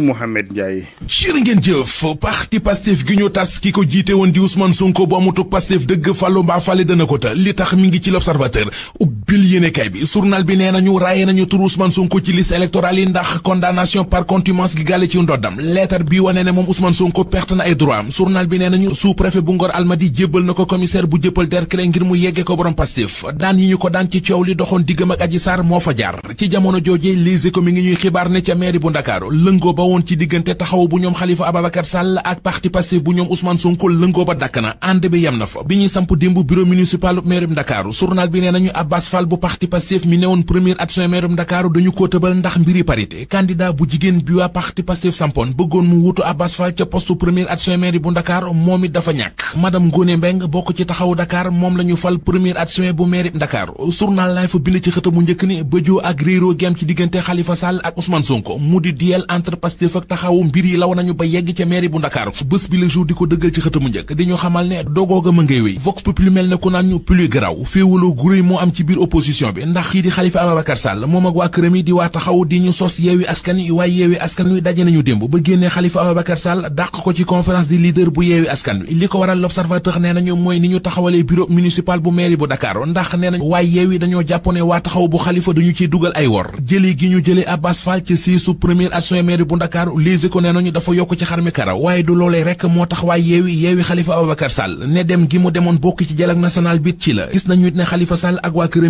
Mouhamed Ndiaye jërë ngeen jëf parti pastef gi ñu tas ki ko jiite woon di Ousmane Sonko bu amutuk pastef dëgg fàllu mbaa fàlle dana ko ta li tax mi ngi ci l'observateur ubbil yéenekaay bi journal bi nee nañu raye nañu tur Ousmane Sonko ci liste électorale yi ndax condamnation par contumace gi gàlle ci ndoddam lettre bi nee nañu sous-préfet bu Ngor Almadi jébbal na ko commissaire bu jëppal derkle ngir mu yegge ko borom Pastef daan yi ñu ko daan ci coow li doxoon diggam ak Adji moo fa jaar ci jamono joojee Les Échos mi ngi ñuy xibaar ne ca mairie bu Ndakaaru lëngoo ba woon ci diggante taxaw bu ñoom Khalifa Ababacar Fall bu parti Pasif mi premier adjoint meerum Dakar dañu ko tëbal ndax mbiri parité candidat bu jigéen bi waa parti Pasif sampon bëggoon mu wutu Abbas Fall ca poste premier adjoint maire bu Dakar moom it dafa ñàkk madame Ngone Mbeng bokk ci taxawu Dakar moom lañu fal premier adjoint bu maire Dakar journal Life bind ci xëtamu njëkk ni bëjoo ak réeroo gem ci diggante Khalifa Sall ak Ousmane Sonko mu di diel entre Pastef ak taxawu mbir law nañu ba yegg ca maire bu Dakar bés bi le jour di ko ci xëtamu njëkk di ñu ma vox populi mel ne ku naan ñu plus graw am ci biir opposition bi ndax kii di Khalifa Ababacar Sall moom ak waa këram yi di waa taxaw di ñu sos yeewi askan wi waaye yeewi askan wi daje nañu démb ba génnee Khalifa Ababacar Sall dàq ko ci conférence di leader bu yeewi askan wi li ko waral l'observateur nee nañu mooy ni ñu taxawalee bureau municipal bu mairie bu Dakar ndax nee nañu waaye yeewi dañoo jàpp ne waa taxaw bu Khalifa dañu ciy dugal ay wor jëlee gi ñu jëlee Abbas Fall ci siisu premier adjoint mairie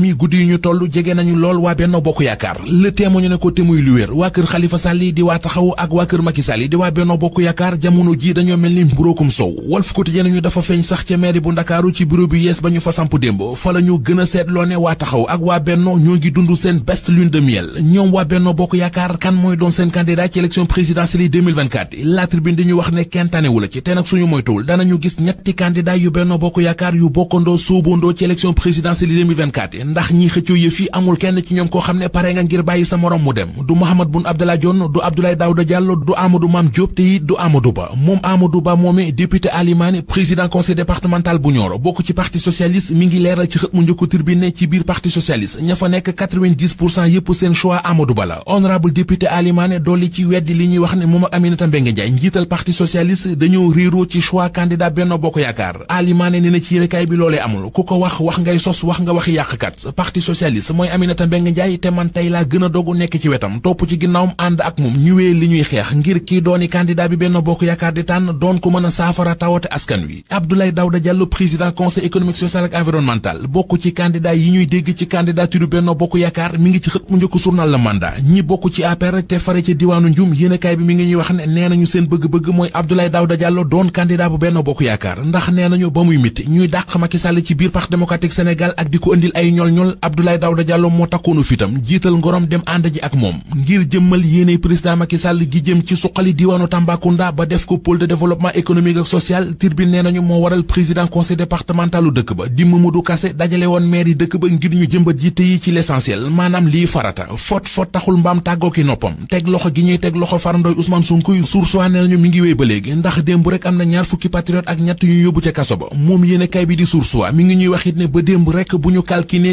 mi guddi yi ñu toll jege nañu lool waa Benno Bokk Yaakaar le témoigne ne ko te lu wér kër Khalifa sali di wa taxaw ak wa kër Macky di wa Benno Bokk yakar jamono ji dañoo mel ni mburóokum sow Walf Quotidien ñu dafa feeñ sax ca mairie bu Ndakaaru ci bureau bi yees ba ñu fa samp démb fa ne taxaw ak wa Benno ñoo gi dundu sen best lune de miel ñoom waa Benno Bokk Yaakaar kan mooy doon seen candidat ci élection présidentielle 2024 la tribune di ñu wax ne kenn tanewu la ci te nag suñu moytuwul danañu gis ñetti candidat yu Benno Bokk yakar yu bokondo subondo ci élection présidentielle 2024 ndax ñii xëccoo yëf yi amul kenn ci ñoom koo xam ne pare nga ngir bàyyi sa morom mu dem du Mahammed Boun Abdallah Dionne du Abdoulaye Daouda Diallo du amadu Mame Diop te it du Amadou Ba moom Amadou Ba moomi député Alimani président conseil départemental bu Nioro bokk ci parti socialiste mi ngi leeral ci xët mu njëkk tribune ci biir parti socialiste ña fa nekk 90 pour cent yëpp seen choix Amadou Ba la honorable député Alimani dolli ci weddi li ñuy wax ne moom ak Aminata Mbengue Ndiaye njiital parti socialiste dañoo réeroo ci choix candidat Benno Bokk Yaakaar Alimani nee na ci yéenekaay bi loolee amul ku wax wax ngay sos wax nga waxi yàqkat parti socialiste mooy Aminata Mbengue Ndiaye te man tey laa gën a dogu nekk ci wetam topp ci ginnaawam ànd ak moom ñëwee li ñuy xeex ngir kii dooni candidat bi benn bokk yaakaar di tànn doon ko mën a saafara tawate askan wi Abdoulaye Daouda Diallo président conseil économique social ak bokk ci candidat yi ñuy dégg ci candidature benn bokk yaakaar mi ngi ci xët mu njëkk journal la mandat ñi bokk ci APR te fare ci diwaanu Ndioum yéenekaay bi mi ngi ñuy wax ne nee nañu seen bëgg-bëgg mooy Abdoulaye Daouda Diallo doon candidat bu benn bokk yaakaar ndax nee nañu ba muy miti ñuy dàq Macky Sall ci biir parti démocratique ak di ko indil ay ñool espagnol Abdoulaye Daouda Diallo mo takkonu fitam jital ngorom dem andaji ji ak mom ngir jëmmal yene président Macky Sall gi jëm ci suqali diwanu Tambacounda ba def ko pôle de développement économique ak social tirbi nenañu mo waral président conseil départementalu deuk ba di Mamadou Kassé dajalé won maire yi deuk ba ngir ñu jëmbat ji yi ci l'essentiel manam li farata fot fot taxul mbam tàggoo ki nopam tek loxo gi ñuy tek loxo farandoy Ousmane Sonko soursoa nee nenañu mi ngi wéy ba légui ndax dembu rek amna ñaar fukki patriote ak ñatt yu yobu ci kasso ba mom yene kay bi di mi ngi ñuy waxit ne ba dembu rek buñu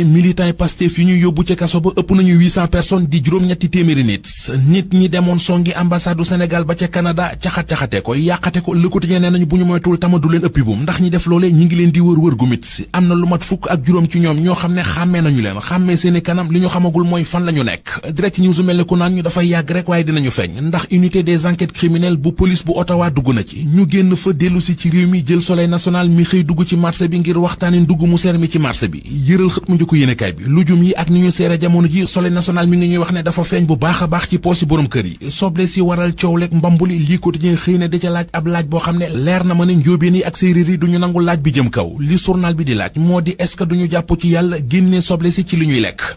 militant Pastef yi ñu yóbbu ci kaso ba ëpp nañu 800 personnes di juróom-ñetti téeméeri nit nit ñi demoon songi ambassade du Sénégal ba ca Canada caxat-caxate ko yàqate ko Le Quotidien nee nañu bu ñu moytuwul tama leen ëppi buum ndax ñi def loolee ñi ngi leen di wër wër gu mit am na lu mat fukk ak juróom ci ñoom ñoo xam ne xàmmee nañu leen xàmmee seeni kanam li ñu xamagul mooy fan la ñu nekk direct news mel ne ku naan ñu dafay yàgg rek waaye dinañu feeñ ndax unité des enquêtes criminelles bu police bu Ottawa dugg na ci ñu génn fa dellu jël soleil national mi dugg ci marché bi ngir waxtaani ndugg mu seer mi ci yéenekaay bi lujum yi ak ni ñu seere jamono ji sole national mi ngi ñuy wax ne dafa feeñ bu baax a baax ci poos yi borom kër yi soble si waral coow leeg li lii quotidien xëy na da ca laaj ab laaj boo xam ne leer na ma ne njóobeen ni ak séeréer yi duñu nangu laaj bi jëm kaw li journal bi di laaj moo di est-ce que duñu jàpp ci yàlla génne soble si ci li ñuy lekk